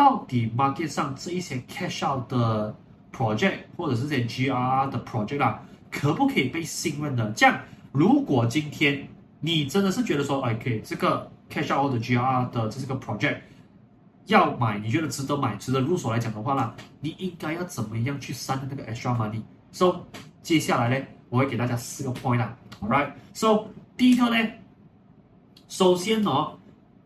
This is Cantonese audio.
到底 market 上這一些 cash out 的 project 或者是這些 GRR 的 project 啊，可不可以被信任的？這樣如果今天你真的是覺得說，哎，可以，這個 cash out 的 GRR 的這個 project 要買，你覺得值得買，值得入手來講的話啦，你應該要怎麼樣去刪那個 extra money？So 接下來呢，我會給大家四個 point 啦、啊。All right？So 第一個呢，首先呢、哦。